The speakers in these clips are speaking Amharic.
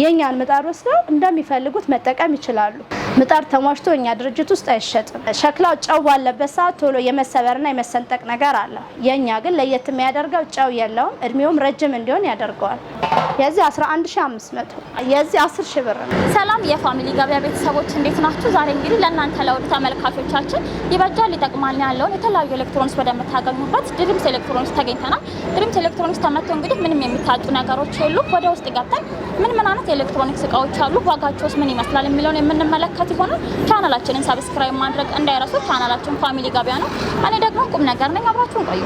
የእኛን ምጣድ ወስደው እንደሚፈልጉት መጠቀም ይችላሉ። ምጣድ ተሟሽቶ እኛ ድርጅት ውስጥ አይሸጥም። ሸክላው ጨው ባለበት ሰዓት ቶሎ የመሰበርና የመሰንጠቅ ነገር አለ። የእኛ ግን ለየት የሚያደርገው ጨው የለውም። እድሜውም ረጅም እንዲሆን ያደርገዋል። የዚህ 11500 የዚህ 10 ሺ ብር። ነው። ሰላም የፋሚሊ ገበያ ቤተሰቦች እንዴት ናችሁ? ዛሬ እንግዲህ ለእናንተ ለውድ ተመልካቾቻችን ይበጃል ሊጠቅማል ያለውን የተለያዩ ኤሌክትሮኒክስ ወደምታገኙበት ድሪምስ ኤሌክትሮኒክስ ተገኝተናል። ድሪምስ ኤሌክትሮኒክስ ተመጥቶ እንግዲህ ምንም የሚታጡ ነገሮች የሉም። ወደ ውስጥ ገብተን ምን ምን አይነት የኤሌክትሮኒክስ እቃዎች አሉ፣ ዋጋቸውስ ምን ይመስላል የሚለውን የምንመለከት ይሆናል። ቻናላችንን ሰብስክራይብ ማድረግ እንዳይረሱ። ቻናላችን ፋሚሊ ገበያ ነው። እኔ ደግሞ ቁም ነገር ነኝ። አብራችሁን ቆዩ።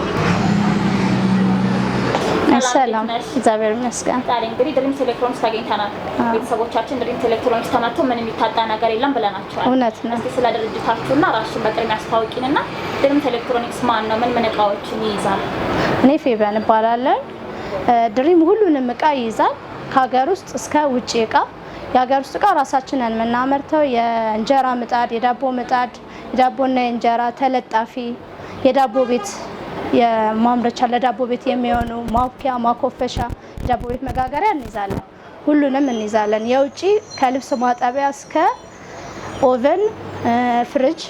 ሰላም እግዚአብሔር ይመስገን። ዛሬ እንግዲህ ድሪምስ ኤሌክትሮኒክስ ተገኝተናል። ቤተሰቦቻችን ድሪምስ ኤሌክትሮኒክስ ተመቶ ምን የሚታጣ ነገር የለም ብለናቸዋል። እውነት ነው። እስቲ ስለ ድርጅታችሁና ራሱን በቅድሚያ አስታውቂንና ድሪምስ ኤሌክትሮኒክስ ማን ነው? ምን ምን እቃዎችን ይይዛል? እኔ ፌቢያን እባላለሁ። ድሪም ሁሉንም እቃ ይይዛል ከሀገር ውስጥ እስከ ውጭ እቃ የሀገር ውስጥ እቃ ራሳችንን የምናመርተው የእንጀራ ምጣድ፣ የዳቦ ምጣድ፣ የዳቦና የእንጀራ ተለጣፊ፣ የዳቦ ቤት የማምረቻ ለዳቦ ቤት የሚሆኑ ማውኪያ፣ ማኮፈሻ፣ የዳቦ ቤት መጋገሪያ እንይዛለን። ሁሉንም እንይዛለን። የውጭ ከልብስ ማጠቢያ እስከ ኦቨን፣ ፍሪጅ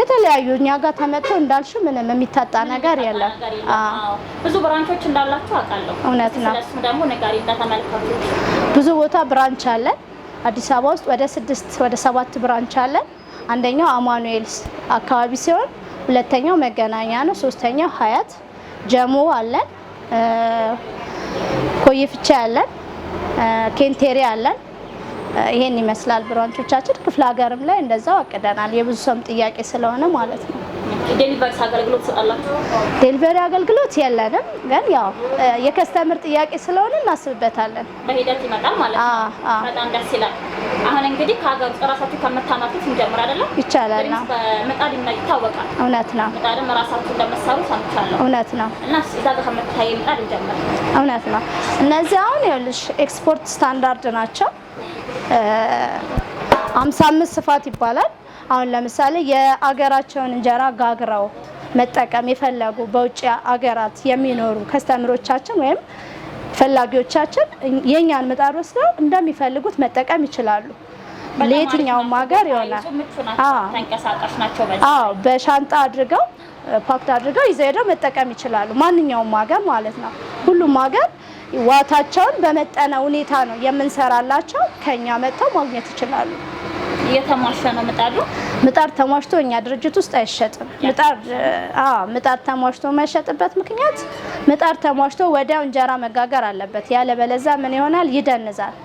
የተለያዩ እኛ ጋር ተመጥቶ እንዳልሽ ምንም የሚታጣ ነገር የለም። ብዙ ብራንቾች እንዳላችሁ አውቃለሁ። እውነት ነው። ደግሞ ብዙ ቦታ ብራንች አለን። አዲስ አበባ ውስጥ ወደ ስድስት ወደ ሰባት ብራንች አለን። አንደኛው አማኑኤልስ አካባቢ ሲሆን ሁለተኛው መገናኛ ነው። ሶስተኛው ሀያት ጀሞ አለን። ኮይፍቻ አለን። ኬንቴሪ አለን። ይሄን ይመስላል ብራንቾቻችን። ክፍለ ሀገርም ላይ እንደዛው አቅደናል። የብዙ ሰውም ጥያቄ ስለሆነ ማለት ነው። ዴሊቨሪ አገልግሎት ትሰጣላችሁ? ዴሊቨሪ አገልግሎት የለንም፣ ግን ያው የከስተምር ጥያቄ ስለሆነ እናስብበታለን። በሂደት ይመጣል ማለት ነው። በጣም ደስ ይላል። አሁን እንግዲህ ከሀገር ውስጥ ራሳችሁ ከምታመጡት እንጀምር አይደለም? ይቻላል ነው። በምጣድ ይታወቃል። እውነት ነው። ምጣድም ራሳችሁ እንደምትሰሩ ሰምቻለሁ። እውነት ነው። እና እዛ ጋር ከምታየ ምጣድ እንጀምር። እውነት ነው። እነዚህ አሁን ይኸውልሽ ኤክስፖርት ስታንዳርድ ናቸው አምሳ አምስት ስፋት ይባላል። አሁን ለምሳሌ የአገራቸውን እንጀራ ጋግረው መጠቀም የፈለጉ በውጭ አገራት የሚኖሩ ከስተምሮቻችን ወይም ፈላጊዎቻችን የእኛን ምጣድ ወስደው እንደሚፈልጉት መጠቀም ይችላሉ። ለየትኛውም ሀገር ይሆናል። አዎ፣ በሻንጣ አድርገው ፓክት አድርገው ይዘው ሄደው መጠቀም ይችላሉ። ማንኛውም ሀገር ማለት ነው። ሁሉም ሀገር ዋታቸውን በመጠነ ሁኔታ ነው የምንሰራላቸው። ከኛ መጥተው ማግኘት ይችላሉ። እየተሟሸ ነው ምጣዱ። ምጣድ ተሟሽቶ እኛ ድርጅት ውስጥ አይሸጥም። ምጣድ አዎ፣ ምጣድ ተሟሽቶ የማይሸጥበት ምክንያት ምጣድ ተሟሽቶ ወዲያው እንጀራ መጋገር አለበት። ያለበለዛ ምን ይሆናል? ይደንዛል።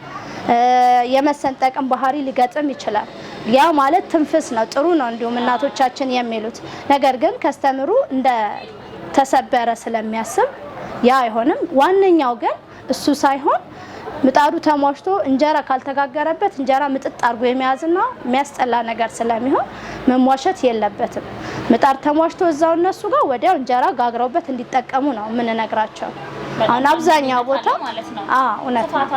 ጠቅም ባህሪ ሊገጥም ይችላል። ያ ማለት ትንፍስ ነው። ጥሩ ነው እንዲሁም እናቶቻችን የሚሉት ነገር ግን ከስተምሩ እንደ ተሰበረ ስለሚያስብ ያ አይሆንም። ዋነኛው ግን እሱ ሳይሆን ምጣዱ ተሟሽቶ እንጀራ ካልተጋገረበት እንጀራ ምጥጥ አድርጎ የሚያዝና የሚያስጠላ ነገር ስለሚሆን መሟሸት የለበትም። ምጣድ ተሟሽቶ እዛው እነሱ ጋር ወዲያው እንጀራ ጋግረውበት እንዲጠቀሙ ነው የምንነግራቸው። አሁን አብዛኛው ቦታ ማለት ነው። አዎ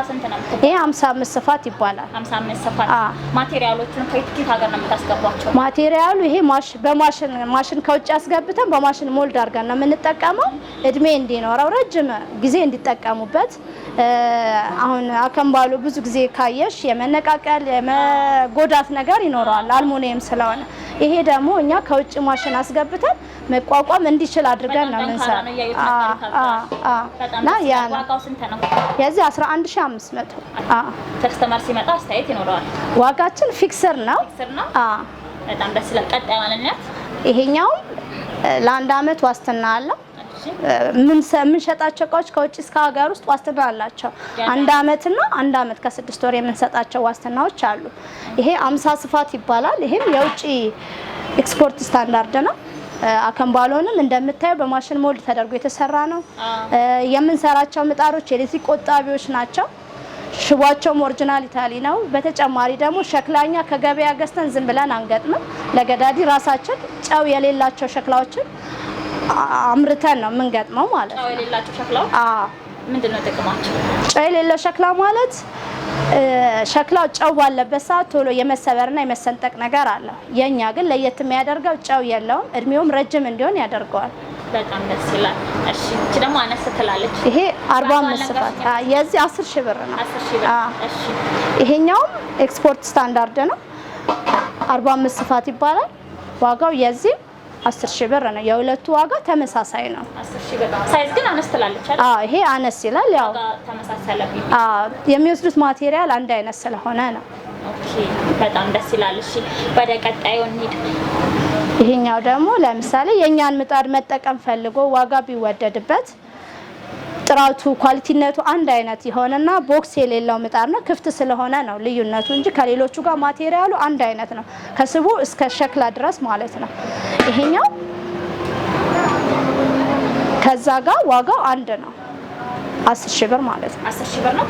ስንት ነው። ይሄ 55 ስፋት ይባላል። 55 ስፋት ማቴሪያሎቹን ከየት ሀገር ነው የምታስገቧቸው? ማቴሪያሉ ይሄ በማሽን ማሽን ከውጭ አስገብተን በማሽን ሞልድ አድርገን ነው የምንጠቀመው። እድሜ እንዲኖረው ረጅም ጊዜ እንዲጠቀሙበት። አሁን አከምባሉ ብዙ ጊዜ ካየሽ የመነቃቀል የመጎዳት ነገር ይኖረዋል አልሙኒየም ስለሆነ ይሄ ደግሞ እኛ ከውጭ ማሽን አስገብተን መቋቋም እንዲችል አድርገን ነው ምንሰራ እና ያ ነው የዚህ 11500 ከስተመር ሲመጣ አስተያየት ይኖረዋል። ዋጋችን ፊክሰር ነው። በጣም ደስ ይላል። ቀጣይ ማለት ይሄኛውም ለአንድ አመት ዋስትና አለው። የምንሸጣቸው እቃዎች ከውጭ እስከ ሀገር ውስጥ ዋስትና አላቸው። አንድ አመትና አንድ አመት ከስድስት ወር የምንሰጣቸው ዋስትናዎች አሉ። ይሄ አምሳ ስፋት ይባላል። ይሄም የውጭ ኤክስፖርት ስታንዳርድ ነው። አከምባሎንም እንደምታየው በማሽን ሞልድ ተደርጎ የተሰራ ነው። የምንሰራቸው ምጣዶች የኤሌክትሪክ ቆጣቢዎች ናቸው። ሽቧቸውም ኦሪጂናል ኢታሊ ነው። በተጨማሪ ደግሞ ሸክላኛ ከገበያ ገዝተን ዝም ብለን አንገጥምም። ለገዳዲ ራሳችን ጨው የሌላቸው ሸክላዎችን አምርተን ነው የምንገጥመው ማለት ነው። የሌላቸው ሸክላው ምንድን ነው ጥቅማቸው? ጨው የሌለው ሸክላ ማለት ሸክላው ጨው ባለበት ሰዓት ቶሎ የመሰበርና የመሰንጠቅ ነገር አለው። የእኛ ግን ለየት የሚያደርገው ጨው የለውም። እድሜውም ረጅም እንዲሆን ያደርገዋል። በጣም ደስ ይላል። ስፋት፣ የዚህ 10 ሺህ ብር ነው። ይሄኛውም ኤክስፖርት ስታንዳርድ ነው። 45 ስፋት ይባላል ዋጋው የዚህ አስር ሺህ ብር ነው። የሁለቱ ዋጋ ተመሳሳይ ነው። ሳይዝ ግን አነስ ትላለች። አዎ ይሄ አነስ ይላል። ያው የሚወስዱት ማቴሪያል አንድ አይነት ስለሆነ ነው። ኦኬ በጣም ደስ ይላል። እሺ ወደ ቀጣዩ እንሂድ። ይሄኛው ደግሞ ለምሳሌ የእኛን ምጣድ መጠቀም ፈልጎ ዋጋ ቢወደድበት ጥራቱ ኳሊቲነቱ አንድ አይነት የሆነና ቦክስ የሌለው ምጣድ ነው። ክፍት ስለሆነ ነው ልዩነቱ እንጂ ከሌሎቹ ጋር ማቴሪያሉ አንድ አይነት ነው፣ ከስቡ እስከ ሸክላ ድረስ ማለት ነው። ይሄኛው ከዛ ጋር ዋጋው አንድ ነው፣ አስር ሺህ ብር ማለት ነው። አስር ሺህ ብር ነው።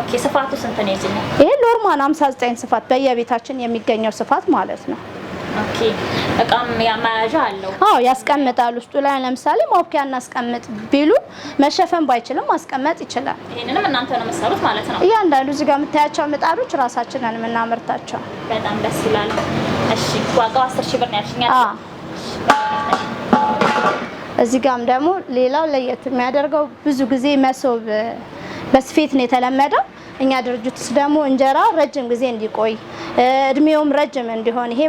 ኦኬ። ስፋቱ ስንት ነው? ይሄ ኖርማል 59 ስፋት በየቤታችን የሚገኘው ስፋት ማለት ነው። ኦኬ። እቃም መያዣ አለው? አዎ ያስቀምጣል። ውስጡ ላይ ለምሳሌ ማውኪያ እናስቀምጥ ቢሉ መሸፈን ባይችልም ማስቀመጥ ይችላል። ይሄንንም እናንተ ነው የምትሰሩት ማለት ነው? እያንዳንዱ እዚህ ጋር የምታያቸው ምጣዶች ራሳችንን የምናመርታቸው። በጣም ደስ ይላል። እሺ፣ ዋጋው 10 ሺህ ብር ነው ያልሽኛል? እዚህ ጋም ደግሞ ሌላው ለየት የሚያደርገው ብዙ ጊዜ መሶብ በስፌት ነው የተለመደው እኛ ድርጅት ውስጥ ደግሞ እንጀራ ረጅም ጊዜ እንዲቆይ እድሜውም ረጅም እንዲሆን ይሄ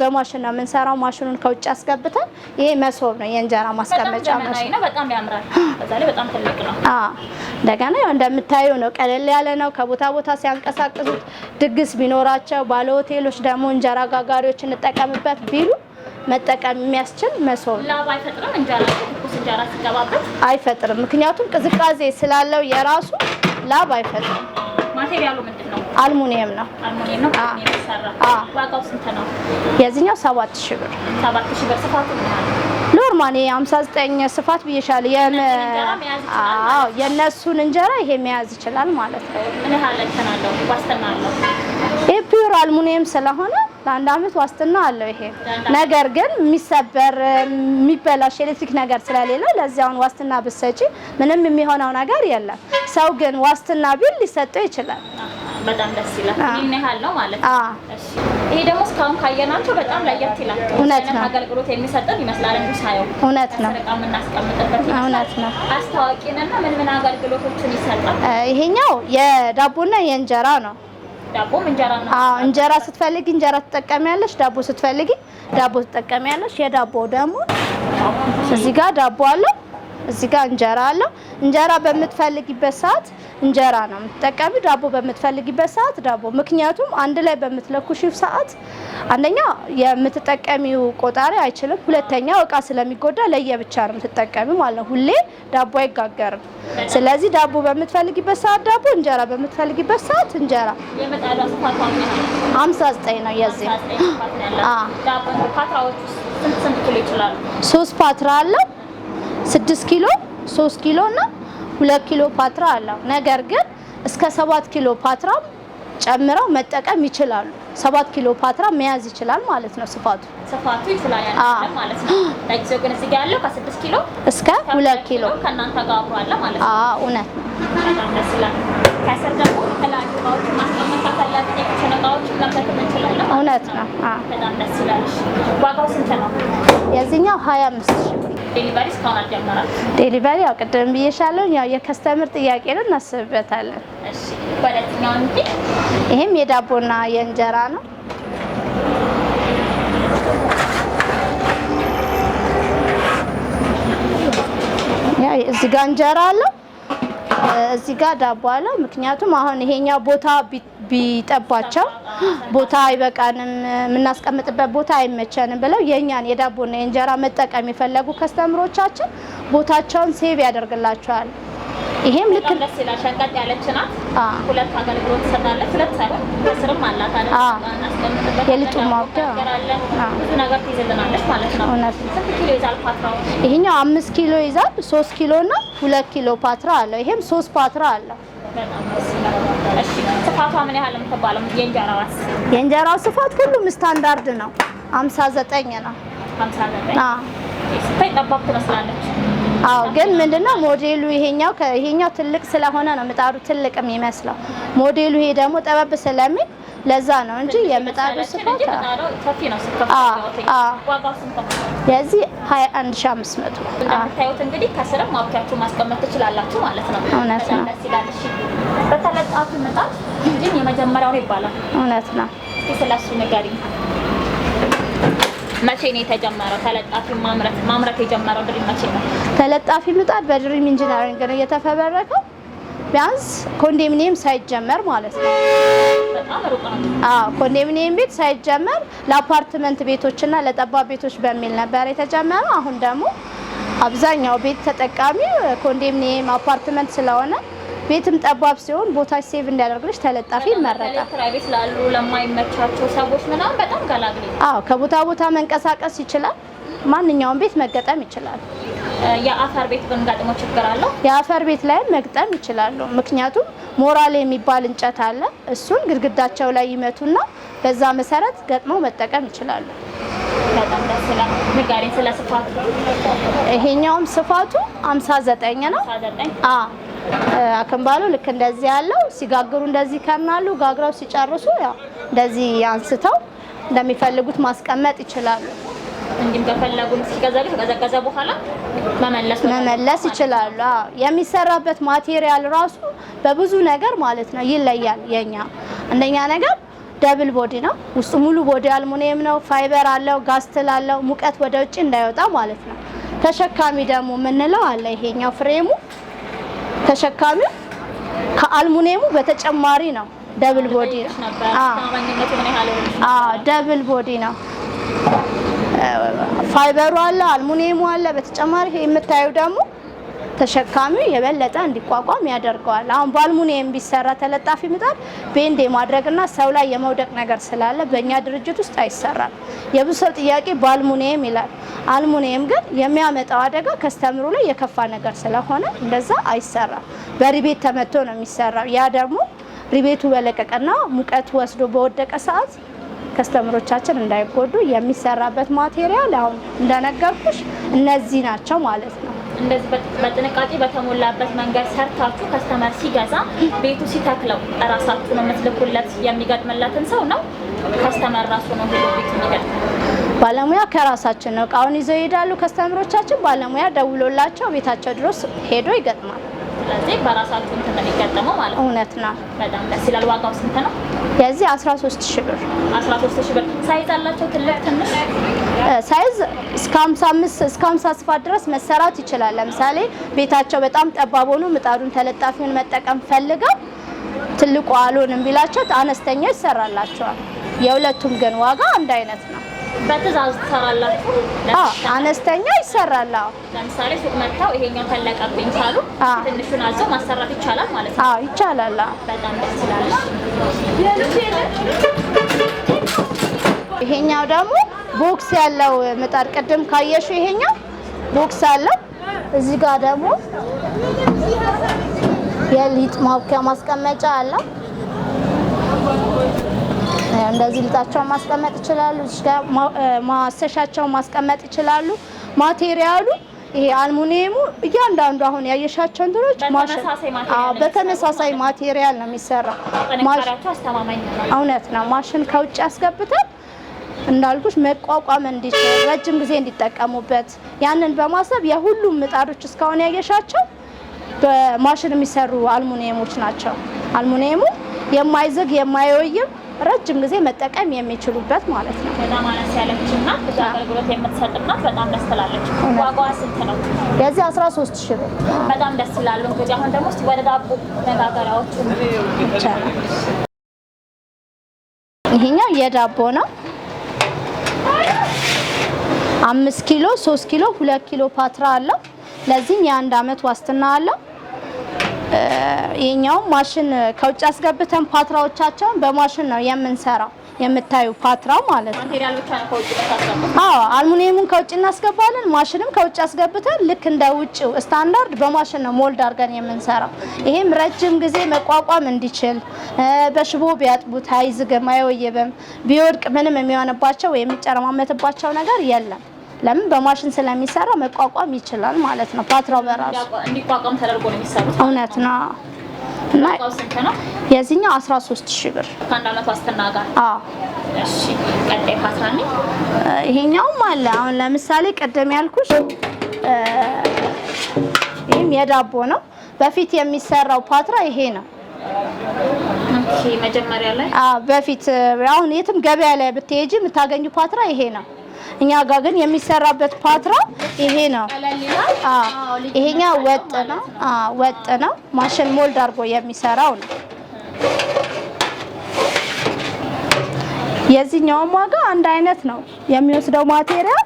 በማሽን ነው የምንሰራው። ማሽኑን ከውጭ አስገብተን ይሄ መሶብ ነው የእንጀራ ማስቀመጫ ነው። በጣም ያምራል። በጣም ትልቅ ነው። እንደገና ያው እንደምታዩ ነው። ቀለል ያለ ነው። ከቦታ ቦታ ሲያንቀሳቅሱት ድግስ ቢኖራቸው ባለ ሆቴሎች ደግሞ እንጀራ ጋጋሪዎች እንጠቀምበት ቢሉ መጠቀም የሚያስችል መሶብ አይፈጥርም። ምክንያቱም ቅዝቃዜ ስላለው የራሱ ላብ አይፈጥርም። ማቴሪያሉ ምንድን ነው? አልሙኒየም ነው። አልሙኒየም ነው ዋጋው ስንት ነው? የዚህኛው ብር። ብር። ስፋቱ ኖርማል 59 ስፋት ብዬሻል። አዎ የነሱን እንጀራ ይሄ መያዝ ይችላል ማለት ነው። ምን ያህል እንትን አለው? ዋስትና አለው? ይሄ ፒውር አልሙኒየም ስለሆነ ለአንድ አመት ዋስትና አለው። ይሄ ነገር ግን የሚሰበር የሚበላሽ ኤሌክትሪክ ነገር ስለሌለ ለዚያውን ዋስትና ብትሰጪ ምንም የሚሆነው ነገር የለም። ሰው ግን ዋስትና ቢል ሊሰጠው ይችላል። በጣም ደስ ይላል። ይህን ያህል ነው ማለት ነው። ይሄ ደግሞ እስካሁን ካየናቸው በጣም ለየት ይላል። እውነት ነው። አገልግሎት የሚሰጠን ይመስላል እንጂ ሳየው እውነት ነው። የምናስቀምጥበት እውነት ነው። አስታዋቂንና ምን ምን አገልግሎቶችን ይሰጣል? ይሄኛው የዳቦና የእንጀራ ነው። ዳቦ እንጀራ ነው። አዎ እንጀራ ስትፈልጊ እንጀራ ትጠቀሚያለሽ። ዳቦ ስትፈልጊ ዳቦ ትጠቀሚያለሽ። የዳቦ ደግሞ እዚህ ጋር ዳቦ አለው እዚህ ጋር እንጀራ አለው። እንጀራ በምትፈልጊበት ሰዓት እንጀራ ነው የምትጠቀሚ፣ ዳቦ በምትፈልጊበት ሰዓት ዳቦ። ምክንያቱም አንድ ላይ በምትለኩሽው ሰዓት አንደኛ የምትጠቀሚው ቆጣሪ አይችልም፣ ሁለተኛ እቃ ስለሚጎዳ ለየብቻ ነው የምትጠቀሚ ማለት ነው። ሁሌ ዳቦ አይጋገርም። ስለዚህ ዳቦ በምትፈልጊበት ሰዓት ዳቦ፣ እንጀራ በምትፈልጊበት ሰዓት እንጀራ። ሀምሳ ዘጠኝ ነው የዚህ ሶስት ፓትራ አለው ስድስት ኪሎ 3 ኪሎ እና 2 ኪሎ ፓትራ አለው። ነገር ግን እስከ ሰባት ኪሎ ፓትራ ጨምረው መጠቀም ይችላሉ። 7 ኪሎ ፓትራ መያዝ ይችላል ማለት ነው። ስፋቱ ስፋቱ ይችላል ማለት ነው። ለጊዜው ግን እዚህ ያለው ከ6 ኪሎ እስከ 2 ኪሎ ከእናንተ ጋር አብሮ አለ ማለት ነው። እውነት ነው። ከስር ደግሞ የተለያዩ እቃዎችን ማስቀመጥ እውነት ነው። የዚህኛው ሀያ አምስት ሺህ ብር ዴሊቨሪ ያው ቅድም ብዬሻለሁ። ያው የከስተምር ጥያቄ ነው፣ እናስብበታለን። ይህም የዳቦና የእንጀራ ነው። እዚህ ጋር እንጀራ አለው፣ እዚህ ጋር ዳቦ አለው። ምክንያቱም አሁን ይሄኛው ቦታ ቢጠቧቸው ቦታ አይበቃንም፣ የምናስቀምጥበት ቦታ አይመቸንም ብለው የእኛን የዳቦና የእንጀራ መጠቀም የፈለጉ ከስተምሮቻችን ቦታቸውን ሴቭ ያደርግላቸዋል። ይሄም ልክ ደስ ይላል። ሸንቀጥ ያለች ናት። ሁለት አገልግሎት ትሰጣለች። ሁለት ሳይሆን ስርም አላት አለ የልጡ ማውደ ብዙ ነገር ትይዝልናለች ማለት ነው። ስንት ኪሎ ይዛል ፓትራው? ይሄኛው አምስት ኪሎ ይዛል። ሶስት ኪሎ እና ሁለት ኪሎ ፓትራ አለው። ይሄም ሶስት ፓትራ አለው። ስፋቷ ምን ያህል የምትባለው የእንጀራ ራስ? የእንጀራው ስፋት ሁሉም ስታንዳርድ ነው፣ 59 ነው። 59 አዎ። ስታይ ጠባብ ትመስላለች። አዎ፣ ግን ምንድነው ሞዴሉ ይሄኛው ይሄኛው ትልቅ ስለሆነ ነው ምጣዱ ትልቅ የሚመስለው። ሞዴሉ ይሄ ደግሞ ጠበብ ስለሚል ለዛ ነው እንጂ የምጣዱ ስፋት ሰፊ ነው። የዚህ 21500 እንደምታዩት እንግዲህ ከስርም ማውኪያችሁ ማስቀመጥ ትችላላችሁ ማለት ነው። እውነት ነው። በተለጣፊ ምጣድ ግን የመጀመሪያው ነው ይባላል። እውነት ነው። ስለሱ ንገሪኝ። መቼ ነው የተጀመረው? ተለጣፊ ማምረት ማምረት የጀመረው ድሪም መቼ ነው? ተለጣፊ ምጣድ በድሪም ኢንጂነሪንግ ነው የተፈበረከው ቢያንስ ኮንዶሚኒየም ሳይጀመር ማለት ነው። አዎ ኮንዶሚኒየም ቤት ሳይጀመር ለአፓርትመንት ቤቶችና ለጠባብ ቤቶች በሚል ነበር የተጀመረ። አሁን ደግሞ አብዛኛው ቤት ተጠቃሚ ኮንዶሚኒየም አፓርትመንት ስለሆነ ቤትም ጠባብ ሲሆን ቦታ ሴቭ እንዲያደርግልሽ ተለጣፊ ይመረጣል። ቤት ላሉ ለማይመቻቸው ሰዎች ምናምን በጣም ገላግል። አዎ ከቦታ ቦታ መንቀሳቀስ ይችላል። ማንኛውም ቤት መገጠም ይችላል። የአፈር ቤት በሚጋጥመው ችግር አለው። የአፈር ቤት ላይ መግጠም ይችላሉ። ምክንያቱም ሞራል የሚባል እንጨት አለ። እሱን ግድግዳቸው ላይ ይመቱና በዛ መሰረት ገጥመው መጠቀም ይችላሉ። ይሄኛውም ስፋቱ 59 ነው። አክንባሉ ልክ እንደዚህ ያለው ሲጋግሩ እንደዚህ ከምናሉ ጋግረው ሲጨርሱ ያው እንደዚህ አንስተው እንደሚፈልጉት ማስቀመጥ ይችላሉ። እንዲም ከፈለጉ ሲቀዘቅዝ ከቀዘቀዘ በኋላ መመለስ መመለስ ይችላሉ። የሚሰራበት ማቴሪያል ራሱ በብዙ ነገር ማለት ነው ይለያል። የኛ አንደኛ ነገር ደብል ቦዲ ነው። ውስጡ ሙሉ ቦዲ አልሙኒየም ነው። ፋይበር አለው፣ ጋስትል አለው። ሙቀት ወደ ውጭ እንዳይወጣ ማለት ነው። ተሸካሚ ደግሞ የምንለው አለ። ይሄኛው ፍሬሙ ተሸካሚው ከአልሙኒየሙ በተጨማሪ ነው። ደብል ቦዲ ነው። አዎ ደብል ቦዲ ነው። ፋይበሩ አለ፣ አልሙኒየሙ አለ። በተጨማሪ ይሄ የምታዩ ደግሞ ተሸካሚው የበለጠ እንዲቋቋም ያደርገዋል። አሁን በአልሙኒየም ቢሰራ ተለጣፊ ምጣድ ቤንድ የማድረግና ሰው ላይ የመውደቅ ነገር ስላለ በእኛ ድርጅት ውስጥ አይሰራም። የብዙ ሰው ጥያቄ በአልሙኒየም ይላል። አልሙኒየም ግን የሚያመጣው አደጋ ከስተምሩ ላይ የከፋ ነገር ስለሆነ እንደዛ አይሰራም። በሪቤት ተመቶ ነው የሚሰራው። ያ ደግሞ ሪቤቱ በለቀቀና ሙቀት ወስዶ በወደቀ ሰዓት ከስተምሮቻችን እንዳይጎዱ የሚሰራበት ማቴሪያል አሁን እንደነገርኩሽ እነዚህ ናቸው ማለት ነው። እንደዚህ በጥንቃቄ በተሞላበት መንገድ ሰርታችሁ ከስተመር ሲገዛ ቤቱ ሲተክለው እራሳችሁ ነው የምትልኩለት። የሚገጥምለትን ሰው ነው ከስተመር ራሱ ነው ሁሉ ቤት የሚገጥመው። ባለሙያ ከራሳችን ነው እቃውን ይዘው ይሄዳሉ። ከስተምሮቻችን ባለሙያ ደውሎላቸው ቤታቸው ድረስ ሄዶ ይገጥማል። ስለዚህ በራሳችሁ እንትን ነው የሚገጠመው ማለት ነው። እውነት ነው። በጣም ደስ ይላል። ዋጋው ስንት ነው? የዚህ 13 ሺህ ብር 13 ሺህ ብር። ሳይዝ አላቸው ትልቅ ትንሽ ሳይዝ እስከ 55 እስከ 50 ስፋት ድረስ መሰራት ይችላል። ለምሳሌ ቤታቸው በጣም ጠባብ ሆኖ ምጣዱን ተለጣፊውን መጠቀም ፈልገው ትልቁ አልሆንም ቢላቸው አነስተኛ ይሰራላቸዋል። የሁለቱም ግን ዋጋ አንድ አይነት ነው። በትዕዛዝ ትሰራላችሁ? አነስተኛ ይሰራል። ለምሳሌ ሱቅ መጥተው ይሄኛው ተለቀብኝ ካሉ ትንሹን አዘው ማሰራት ይቻላል ማለት ነው? ይቻላል። በጣም ደስ ይላል። ይሄኛው ደግሞ ቦክስ ያለው ምጣድ ቅድም ካየሹ ይሄኛው ቦክስ አለው። እዚህ ጋር ደግሞ የሊጥ ማብኪያ ማስቀመጫ አለው። እንደዚህ ልጣቸውን ማስቀመጥ ይችላሉ። ማሰሻቸው ማስቀመጥ ይችላሉ። ማቴሪያሉ ይሄ አልሙኒየሙ እያንዳንዱ አሁን ያየሻቸው እንትኖች በተመሳሳይ ማቴሪያል ነው የሚሰራው። እውነት ነው። ማሽን ከውጭ ያስገብታል እንዳልኩሽ መቋቋም እንዲችል ረጅም ጊዜ እንዲጠቀሙበት ያንን በማሰብ የሁሉም ምጣዶች እስካሁን ያየሻቸው በማሽን የሚሰሩ አልሙኒየሞች ናቸው። አልሙኒየሙ የማይዝግ የማይወይም ረጅም ጊዜ መጠቀም የሚችሉበት ማለት ነው። በጣም አነስ ያለችና ብዙ አገልግሎት የምትሰጥና በጣም ደስ ትላለች። ዋጋዋ ስንት ነው? የዚህ 13 ሺህ ብር። በጣም ደስ ይላሉ። እንግዲህ አሁን ደግሞ ወደ ዳቦ መጋገሪያዎቹ ይሄኛው የዳቦ ነው። አምስት ኪሎ፣ ሶስት ኪሎ፣ ሁለት ኪሎ ፓትራ አለው። ለዚህም የአንድ አመት ዋስትና አለው። የኛው ማሽን ከውጭ አስገብተን ፓትራዎቻቸውን በማሽን ነው የምንሰራው። የምታዩ ፓትራ ማለት ነው። አዎ አልሙኒየሙን ከውጭ እናስገባለን። ማሽንም ከውጭ አስገብተን ልክ እንደ ውጭው ስታንዳርድ በማሽን ነው ሞልድ አድርገን የምንሰራው። ይሄም ረጅም ጊዜ መቋቋም እንዲችል በሽቦ ቢያጥቡት አይዝግም፣ አይወየብም ቢወድቅ ምንም የሚሆንባቸው ወይ የሚጨረማመትባቸው ነገር የለም። ለምን በማሽን ስለሚሰራ መቋቋም ይችላል ማለት ነው። ፓትራው በራሱ እንዲቋቋም ተደርጎ ነው የሚሰሩት። እውነት ነው። እና የዚህኛው 13 ሺህ ብር ከአንድ አመት ዋስትና ጋር። እሺ። ቀጣይ ፓትራ ነኝ። ይሄኛውም አለ። አሁን ለምሳሌ ቀደም ያልኩሽ ይህም የዳቦ ነው። በፊት የሚሰራው ፓትራ ይሄ ነው። መጀመሪያ ላይ በፊት አሁን የትም ገበያ ላይ ብትሄጂ የምታገኙ ፓትራ ይሄ ነው። እኛ ጋር ግን የሚሰራበት ፓትራ ይሄ ነው። ይሄኛ ወጥ ነው፣ ወጥ ነው። ማሽን ሞልድ አድርጎ የሚሰራው ነው። የዚህኛውም ዋጋ አንድ አይነት ነው። የሚወስደው ማቴሪያል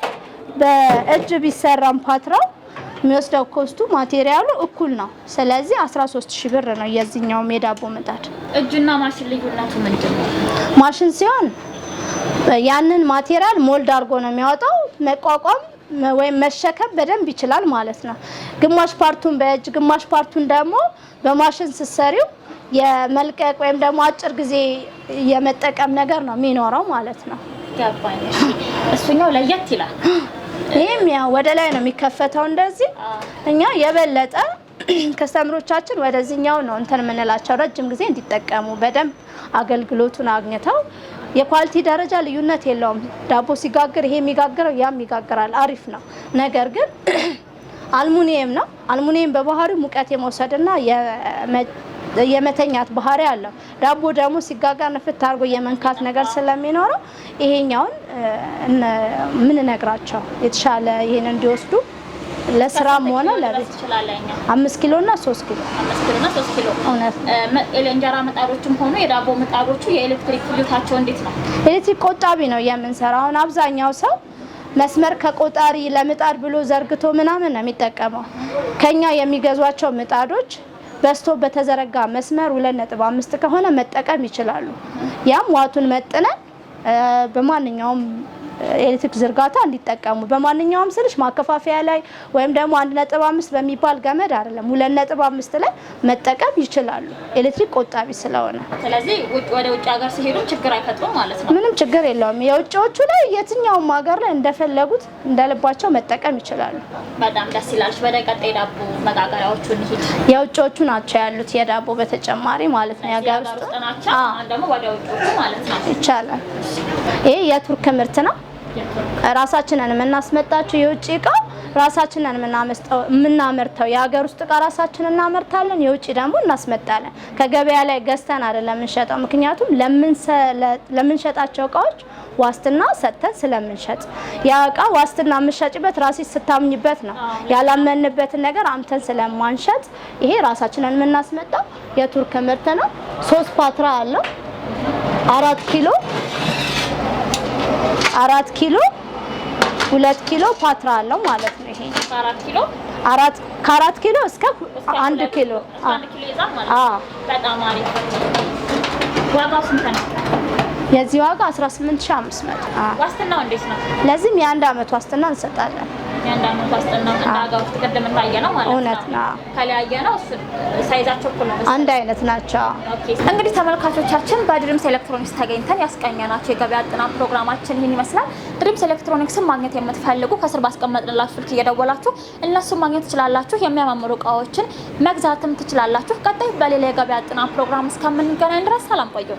በእጅ ቢሰራም ፓትራው የሚወስደው ኮስቱ ማቴሪያሉ እኩል ነው። ስለዚህ 13000 ብር ነው የዚህኛው የዳቦ ምጣድ። እጅና ማሽን ልዩነቱ ምንድን ነው? ማሽን ሲሆን ያንን ማቴሪያል ሞልድ አድርጎ ነው የሚያወጣው። መቋቋም ወይም መሸከም በደንብ ይችላል ማለት ነው። ግማሽ ፓርቱን በእጅ ግማሽ ፓርቱን ደግሞ በማሽን ስትሰሪው የመልቀቅ ወይም ደግሞ አጭር ጊዜ የመጠቀም ነገር ነው የሚኖረው ማለት ነው። እሱኛው ለየት ይላል። ይህም ያው ወደ ላይ ነው የሚከፈተው እንደዚህ። እኛ የበለጠ ከስተምሮቻችን ወደዚህኛው ነው እንትን የምንላቸው ረጅም ጊዜ እንዲጠቀሙ በደንብ አገልግሎቱን አግኝተው የኳሊቲ ደረጃ ልዩነት የለውም። ዳቦ ሲጋግር ይሄ የሚጋግረው ያም ይጋግራል፣ አሪፍ ነው። ነገር ግን አልሙኒየም ነው። አልሙኒየም በባህሪ ሙቀት የመውሰድና የመተኛት ባህሪ አለው። ዳቦ ደግሞ ሲጋጋ ንፍት አድርጎ የመንካት ነገር ስለሚኖረው ይሄኛውን ምን ነግራቸው የተሻለ ይህን እንዲወስዱ ለስራም ሆነ ለቤት አምስት ኪሎ እና ሶስት ኪሎ አምስት ኪሎ እና ሶስት ኪሎ እውነት። የእንጀራ ምጣዶችም ሆኑ የዳቦ ምጣዶቹ የኤሌክትሪክ ፍጆታቸው እንዴት ነው? ኤሌክትሪክ ቆጣቢ ነው የምንሰራ አሁን አብዛኛው ሰው መስመር ከቆጣሪ ለምጣድ ብሎ ዘርግቶ ምናምን ነው የሚጠቀመው። ከኛ የሚገዟቸው ምጣዶች በስቶ በተዘረጋ መስመር 2.5 ከሆነ መጠቀም ይችላሉ። ያም ዋቱን መጥነን በማንኛውም ኤሌክትሪክ ዝርጋታ እንዲጠቀሙ በማንኛውም ስልሽ ማከፋፈያ ላይ ወይም ደግሞ አንድ ነጥብ አምስት በሚባል ገመድ አይደለም ሁለት ነጥብ አምስት ላይ መጠቀም ይችላሉ፣ ኤሌክትሪክ ቆጣቢ ስለሆነ። ስለዚህ ወደ ውጭ ሀገር ሲሄዱ ችግር አይፈጥሩም ማለት ነው። ምንም ችግር የለውም። የውጭዎቹ ላይ የትኛውም ሀገር ላይ እንደፈለጉት እንደልባቸው መጠቀም ይችላሉ። በጣም ደስ ይላልሽ። ወደ ቀጣይ ዳቦ መጋገሪያዎቹ እንሂድ። የውጭዎቹ ናቸው ያሉት የዳቦ በተጨማሪ ማለት ነው የሀገር ውስጥ ናቸው ደግሞ ወደ ውጭዎቹ ማለት ነው ይቻላል። ይሄ የቱርክ ምርት ነው። ራሳችንን የምናስመጣቸው የውጭ እቃ ራሳችንን የምናመርተው የሀገር ውስጥ እቃ ራሳችን እናመርታለን፣ የውጭ ደግሞ እናስመጣለን። ከገበያ ላይ ገዝተን አይደለም የምንሸጠው፣ ምክንያቱም ለምንሸጣቸው እቃዎች ዋስትና ሰጥተን ስለምንሸጥ ያ እቃ ዋስትና የምንሸጭበት ራሴ ስታምኝበት ነው። ያላመንበትን ነገር አምተን ስለማንሸጥ ይሄ ራሳችንን የምናስመጣው የቱርክ ምርት ነው። ሶስት ፓትራ አለው አራት ኪሎ አራት ኪሎ ሁለት ኪሎ ፓትራ አለው ማለት ነው። ይሄ አራት ኪሎ አራት ከአራት ኪሎ እስከ አንድ ኪሎ በጣም አሪፍ። ዋጋው ስንት ነው? የዚህ ዋጋ 18500። ዋስትናው እንዴት ነው? ለዚህም የአንድ አመት ዋስትና እንሰጣለን። እያንዳንዱ ታስጠና እውነት ነው። ሳይዛቸው እኩል ነው፣ አንድ አይነት ናቸው። እንግዲህ ተመልካቾቻችን በድሪምስ ኤሌክትሮኒክስ ተገኝተን ያስቀኘናቸው የገበያ ጥናት ፕሮግራማችን ይህን ይመስላል። ድሪምስ ኤሌክትሮኒክስን ማግኘት የምትፈልጉ ከስር ባስቀመጥንላችሁ ስልክ እየደወላችሁ እነሱን ማግኘት ትችላላችሁ። የሚያማምሩ እቃዎችን መግዛትም ትችላላችሁ። ቀጣይ በሌላ የገበያ ጥናት ፕሮግራም እስከምንገናኝ ድረስ ሰላም ቆዩ።